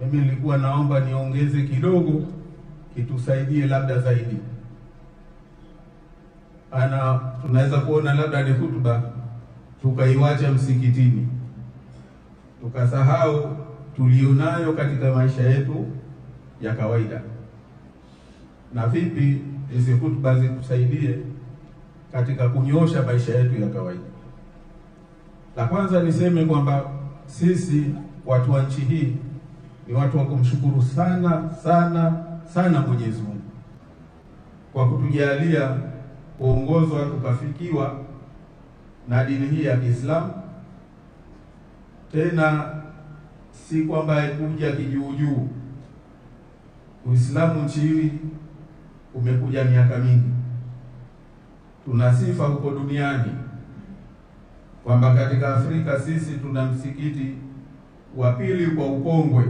Mimi nilikuwa naomba niongeze kidogo kitusaidie labda zaidi. Ana tunaweza kuona labda ni hutuba tukaiwacha msikitini, tukasahau tulionayo katika maisha yetu ya kawaida, na vipi hizi hutuba zitusaidie katika kunyosha maisha yetu ya kawaida. La kwanza niseme kwamba sisi watu wa nchi hii ni watu wa kumshukuru sana sana sana Mwenyezi Mungu kwa kutujalia kuongozwa tukafikiwa na dini hii ya Kiislamu. Tena si kwamba ikuja kijuujuu. Uislamu nchi hii umekuja miaka mingi, tuna sifa huko duniani kwamba katika Afrika sisi tuna msikiti wa pili kwa ukongwe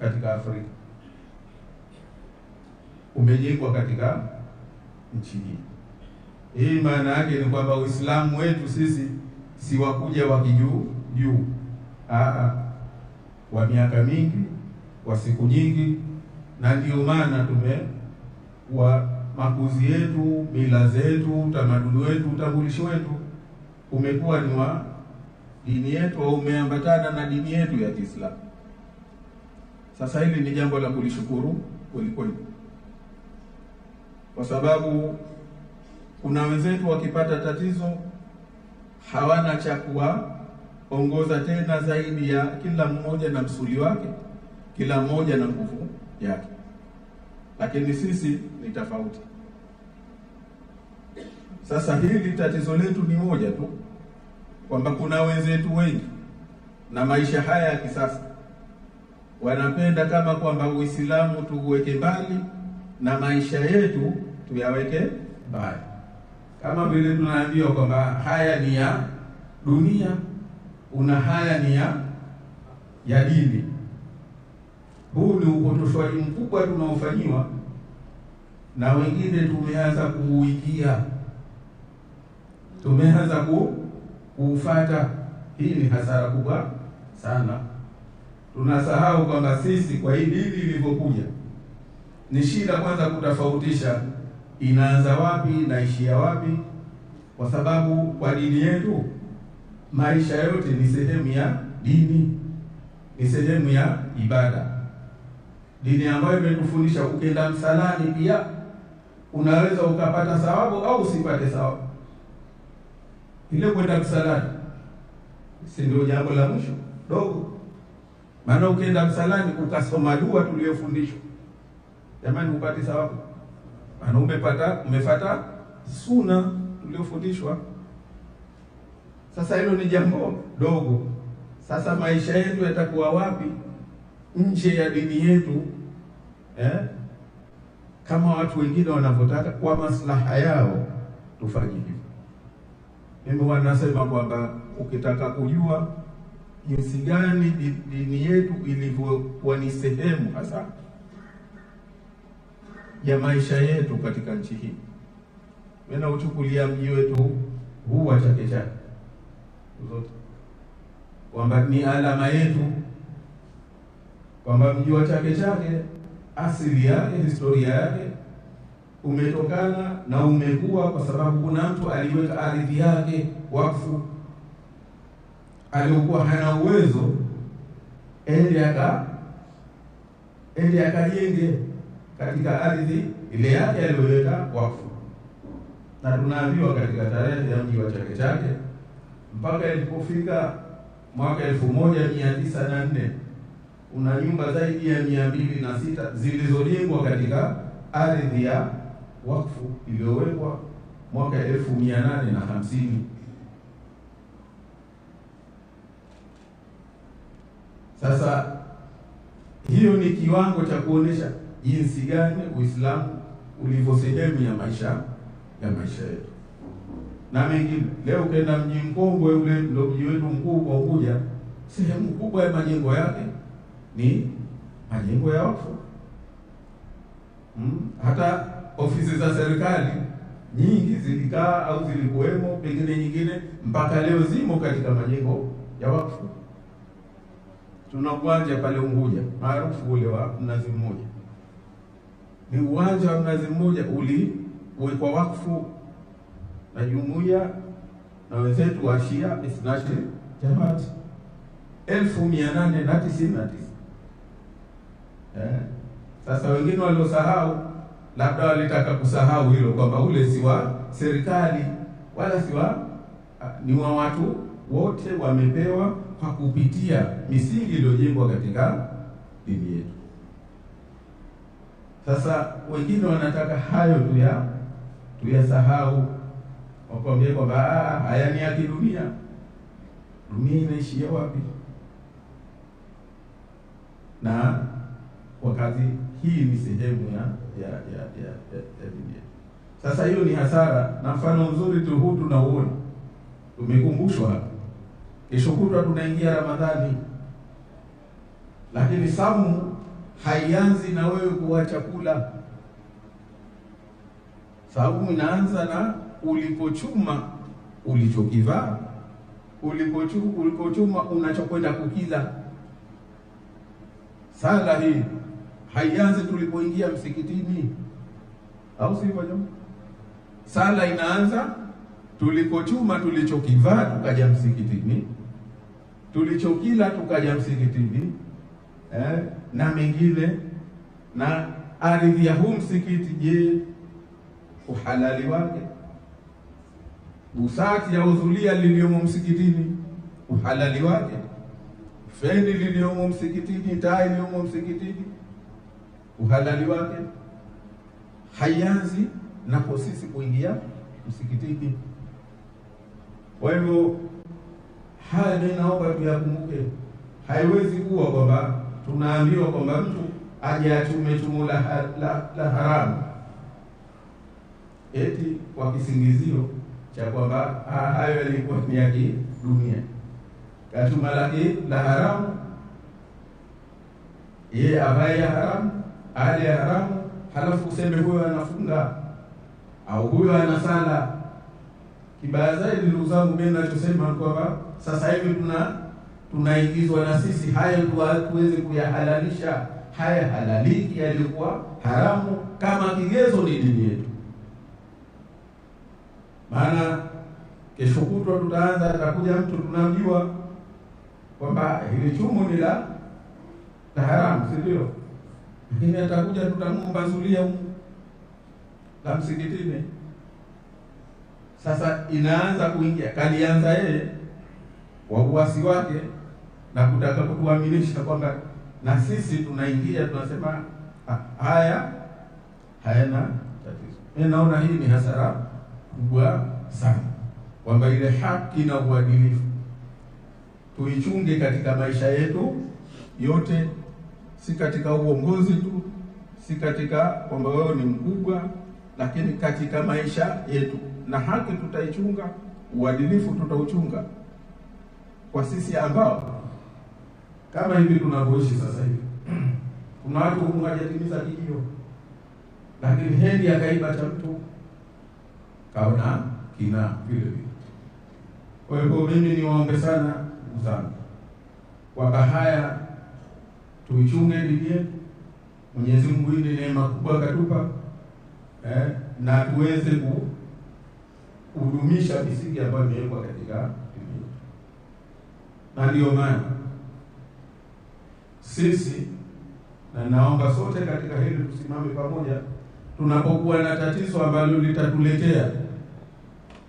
katika Afrika umejengwa katika nchi hii. Hii maana yake ni kwamba Uislamu wetu sisi si wakuja wa kijuu juu, wa miaka mingi, wa siku nyingi, na ndio maana tumekuwa makuzi yetu, mila zetu, utamaduni wetu, utambulisho wetu umekuwa ni wa dini yetu au umeambatana na dini yetu ya Kiislamu. Sasa hili ni jambo la kulishukuru kweli kweli, kwa sababu kuna wenzetu wakipata tatizo hawana cha kuwaongoza tena zaidi ya kila mmoja na msuli wake, kila mmoja na nguvu yake, lakini sisi ni tofauti. Sasa hili tatizo letu ni moja tu, kwamba kuna wenzetu wengi na maisha haya ya kisasa wanapenda kama kwamba Uislamu tuuweke mbali na maisha yetu tuyaweke mbali, kama vile tunaambiwa kwamba haya ni ya dunia, una haya ni ya ya dini. Huu ni upotoshwaji mkubwa tunaofanyiwa na wengine, tumeanza kuuingia, tumeanza kuufata. Hii ni hasara kubwa sana tunasahau kwamba sisi kwa hii dini ilivyokuja ni shida kwanza kutofautisha inaanza wapi na ishia wapi, kwa sababu kwa dini yetu maisha yote ni sehemu ya dini, ni sehemu ya ibada. Dini ambayo imetufundisha ukenda msalani pia unaweza ukapata sawabu au usipate sawabu Ile kwenda msalani si ndio jambo la mwisho dogo maana ukienda msalani ukasoma dua tuliyofundishwa, jamani, upate thawabu. Maana umepata umefata suna tuliyofundishwa. Sasa hilo ni jambo dogo. Sasa maisha yetu yatakuwa wapi nje ya dini yetu eh? Kama watu wengine wanavyotaka kwa maslaha yao tufanye hivyo. Mimi wanasema kwamba ukitaka kujua jinsi gani dini yetu ilivyokuwa ni sehemu hasa ya maisha yetu katika nchi hii. Mimi nauchukulia mji wetu huu wa Chake Chake kwamba ni alama yetu, kwamba mji wa Chake Chake asili yake, historia yake umetokana na umekuwa kwa sababu kuna mtu aliweka ardhi yake wakfu aliokuwa hana uwezo ende aka ende akajenge katika ardhi ile yake aliyoweka wakfu, na tunaambiwa katika tarehe ya mji wa Chake Chake mpaka ilipofika mwaka elfu moja mia tisa na nne una nyumba zaidi ya mia mbili na sita zilizojengwa katika ardhi ya wakfu iliyowekwa mwaka elfu mia nane na hamsini. Sasa hiyo ni kiwango cha kuonesha jinsi gani Uislamu ulivyo sehemu ya maisha ya maisha yetu na mengine. Leo ukenda mji mkongwe ule, ndio mji wetu mkuu kwa Unguja, sehemu kubwa ya majengo yake ni majengo ya wakfu. Hmm, hata ofisi za serikali nyingi zilikaa au zilikuwemo, pengine nyingine mpaka leo zimo katika majengo ya wakfu tuna uwanja pale Unguja maarufu ule wa Mnazi Mmoja. Ni uwanja wa Mnazi Mmoja uliwekwa wakfu na jumuiya na wenzetu wa Shia Isnashil Jamaat elfu mia nane na tisini na tisa. Eh, sasa wengine waliosahau labda walitaka kusahau hilo kwamba ule si wa serikali wala si wa, ah, ni wa watu wote wamepewa kwa kupitia misingi iliyojengwa katika dini yetu. Sasa wengine wanataka hayo tuya tuyasahau, wakwambia kwamba ah, haya ni ya kidunia. Dunia inaishia wapi? na wakati hii ni sehemu ya ya ya ya, ya, ya Sasa hiyo ni hasara, na mfano mzuri tu huu tunauona, tumekumbushwa Kesho kutwa tunaingia Ramadhani, lakini saumu haianzi na wewe kuacha kula. Saumu inaanza na ulipochuma ulichokivaa, ulipochuma unachokwenda kukila. Sala hii haianzi tulipoingia msikitini, au sivyo? Sala inaanza tuliko chuma tulichokivaa tukaja msikitini, tulichokila tukaja msikitini eh, na mengine na ardhi ya huu msikiti. Je, uhalali wake, busati ya uzulia liliyomo msikitini, uhalali wake, feni liliyomo msikitini, taa iliyomo msikitini, uhalali wake, hayanzi na sisi kuingia msikitini. Kwa hivyo haya ndio naomba tuyakumbuke. Haiwezi kuwa kwamba tunaambiwa kwamba mtu aje achume chumo la, la, la haramu eti kwa kisingizio cha kwamba hayo yalikuwa ni ya kidunia. Kachuma lake la haramu, ye avae ya haramu, ale ya haramu, halafu useme huyo anafunga au huyo anasala sala Kibaya zaidi ndugu zangu, mimi ninachosema kwamba sasa hivi tuna tunaingizwa na sisi haya tuweze kuyahalalisha haya halaliki yaliyokuwa haramu, kama kigezo ni dini yetu. Maana kesho kutwa tutaanza, atakuja mtu tunamjua kwamba hili chumu ni la haramu, si ndio? Lakini atakuja tutamumba zulia la msikitini sasa inaanza kuingia, kalianza yeye kwa uasi wake na kutaka kutuaminisha kwamba na sisi tunaingia, tunasema ah, haya hayana tatizo. Mimi naona hii ni hasara kubwa sana, kwamba ile haki na uadilifu tuichunge katika maisha yetu yote, si katika uongozi tu, si katika kwamba wewe ni mkubwa, lakini katika maisha yetu na haki tutaichunga, uadilifu tutauchunga, kwa sisi ambao kama hivi tunavyoishi sasa hivi kuna watu Mungu hajatimiza lakini hendi akaiba cha mtu kaona kina vile vile. Kwa hivyo mimi niwaombe sana ndugu zangu kwamba haya tuichunge dini yetu. Mwenyezi Mungu ni neema kubwa katupa eh, na tuweze ku kudumisha misingi ambayo imewekwa katika dunia, na ndiyo maana sisi na naomba sote katika hili tusimame pamoja, tunapokuwa na tatizo ambalo litatuletea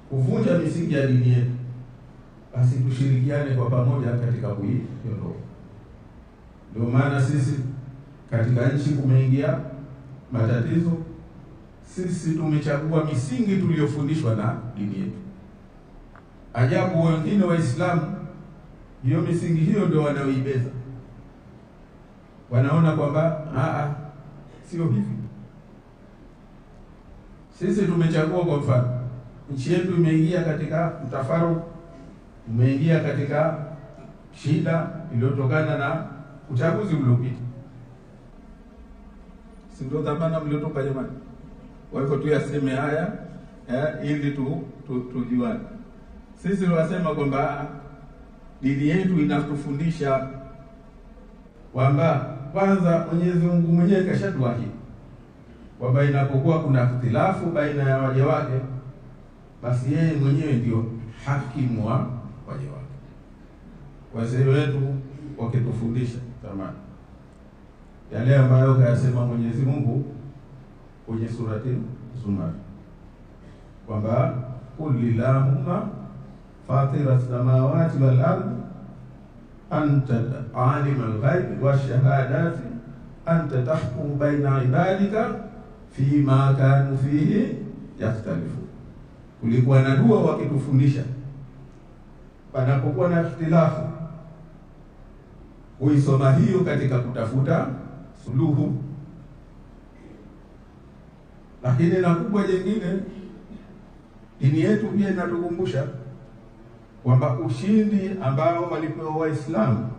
kuvunja misingi ya dini yetu, basi tushirikiane kwa pamoja katika kuiondoa. Ndio maana sisi katika nchi kumeingia matatizo sisi tumechagua misingi tuliyofundishwa na dini yetu. Ajabu, wengine Waislamu hiyo misingi hiyo ndio wanaoibeza, wanaona kwamba a, sio hivi. Sisi tumechagua, kwa mfano, nchi yetu imeingia katika mtafaruku, umeingia katika shida iliyotokana na uchaguzi uliopita, si ndio? Dhamana mliotoka jamani kwa hivyo tuyaseme haya eh, ili tu, tu, tujuane. Sisi tunasema kwamba dini yetu inatufundisha kwamba kwanza Mwenyezi Mungu mwenyewe kashatuahidi kwamba inapokuwa kuna ikhtilafu baina ya waja wake, basi yeye mwenyewe ndio hakimu wa waja wake. Wazee wetu wakitufundisha zamani yale ambayo kayasema Mwenyezi Mungu kwenye surati Zumar kwamba qul lillahumma fatira samawati wal ardi anta alim alghaibi washahadati anta tahkumu baina ibadika ma kanu fihi yakhtalifu. Kulikuwa na dua wakitufundisha, panapokuwa na ikhtilafu kuisoma hiyo katika kutafuta suluhu lakini na kubwa jingine, dini yetu pia inatukumbusha kwamba ushindi ambao walipewa Waislamu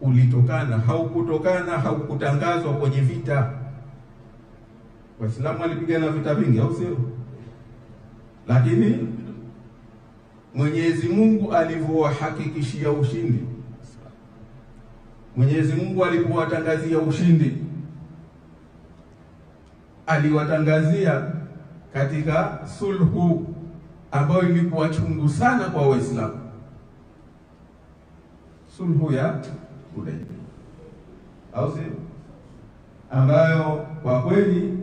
ulitokana haukutokana haukutangazwa kwenye vita. Waislamu walipigana vita vingi, au sio? Lakini Mwenyezi Mungu alivyowahakikishia ushindi, Mwenyezi Mungu alipowatangazia ushindi aliwatangazia katika sulhu ambayo ilikuwa chungu sana kwa Waislamu, sulhu ya Hudaybiya, au sio? Ambayo kwa kweli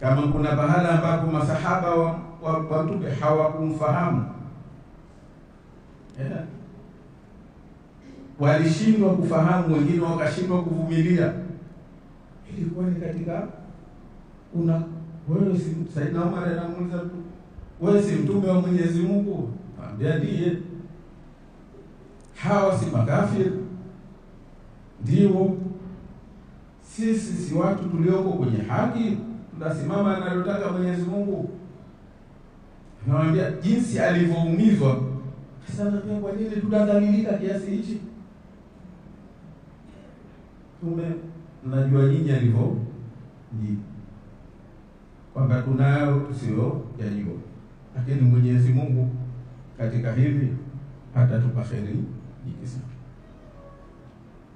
kama kuna pahala ambapo masahaba wa Mtume hawakumfahamu yeah, walishindwa kufahamu, wengine wakashindwa kuvumilia, ilikuwa ni katika kuna wewe si Saidna Umar anamuuliza tu, wewe si mtume wa Mwenyezi Mungu? Anambia ndiye. Hawa si makafir? Ndio. Sisi si watu tulioko kwenye haki, tunasimama analotaka Mwenyezi Mungu. Anamwambia jinsi alivyoumizwa. Sasa pia kwa nini tunadhalilika kiasi hichi? Tume najua nyinyi alivyo kwamba tunayo tusiyoyajua, lakini Mwenyezi Mungu katika hivi hata kheri nyingi sana,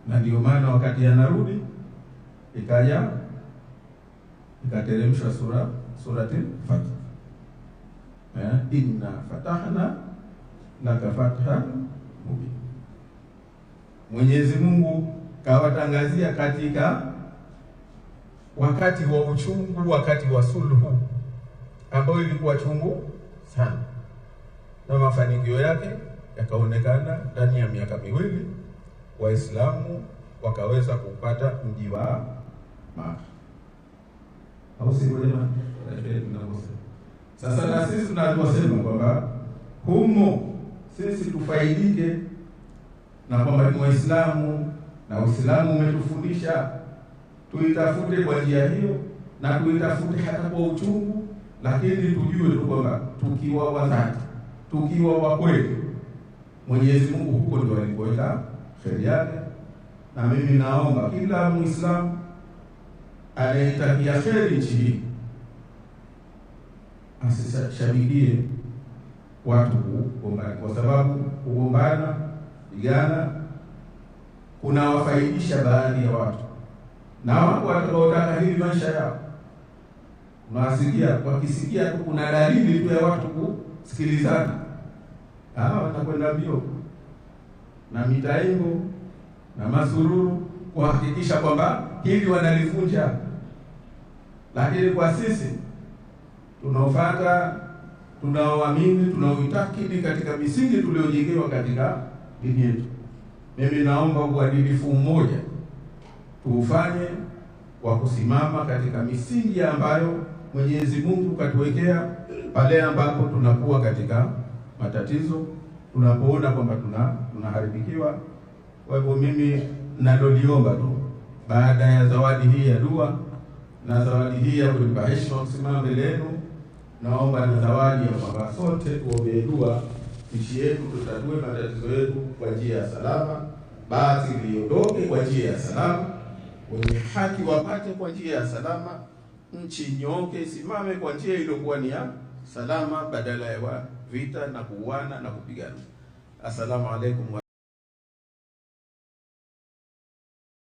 na ndio maana wakati anarudi ikaja ikateremshwa sura surati Fath eh, inna fatahna laka fatha mubin. Mwenyezi Mungu kawatangazia katika wakati wa uchungu, wakati wa sulhu ambayo ilikuwa chungu sana, na mafanikio yake yakaonekana ndani ya miaka miwili, Waislamu wakaweza kupata mji wa Maka. Sasa na sisi tunavyosema kwamba humo sisi tufaidike na kwamba ni Waislamu na Uislamu umetufundisha tuitafute kwa njia hiyo na tuitafute hata kwa uchungu, lakini tujue tu kwamba tukiwa wadhati, tukiwa wa kweli, Mwenyezi Mungu huko ndio alipoweka kheri yake. Na mimi naomba kila Muislamu anayetakia kheri nchi hii asishabikie watu kugombana, kwa sababu kugombana, pigana kunawafaidisha baadhi ya watu na wako watakaotaka hivi maisha yao. Unawasikia, wakisikia tu kuna dalili tu ya watu kusikilizana, ah, watakwenda mbio na mitaimbo na masururu kuhakikisha kwamba hili wanalivunja. Lakini kwa sisi tunaofuata, tunaoamini, tunaoitakidi katika misingi tuliyojengewa katika dini yetu, mimi naomba uadilifu mmoja tuufanye wa kusimama katika misingi ambayo Mwenyezi Mungu katuwekea, pale ambapo tunakuwa katika matatizo, tunapoona kwamba tuna tunaharibikiwa. Kwa hivyo mimi naloliomba tu baada ya zawadi hii ya dua na zawadi hii ya kulipa heshima kusimama mbele yenu, naomba na zawadi ya kwamba sote tuombee dua nchi yetu, tutatue matatizo yetu kwa njia ya salama, basi liondoke kwa njia ya salama wenye haki wapate kwa njia ya salama, nchi nyooke isimame kwa njia iliyokuwa ni ya salama, badala ya vita na kuuana na kupigana. Asalamu alaykum.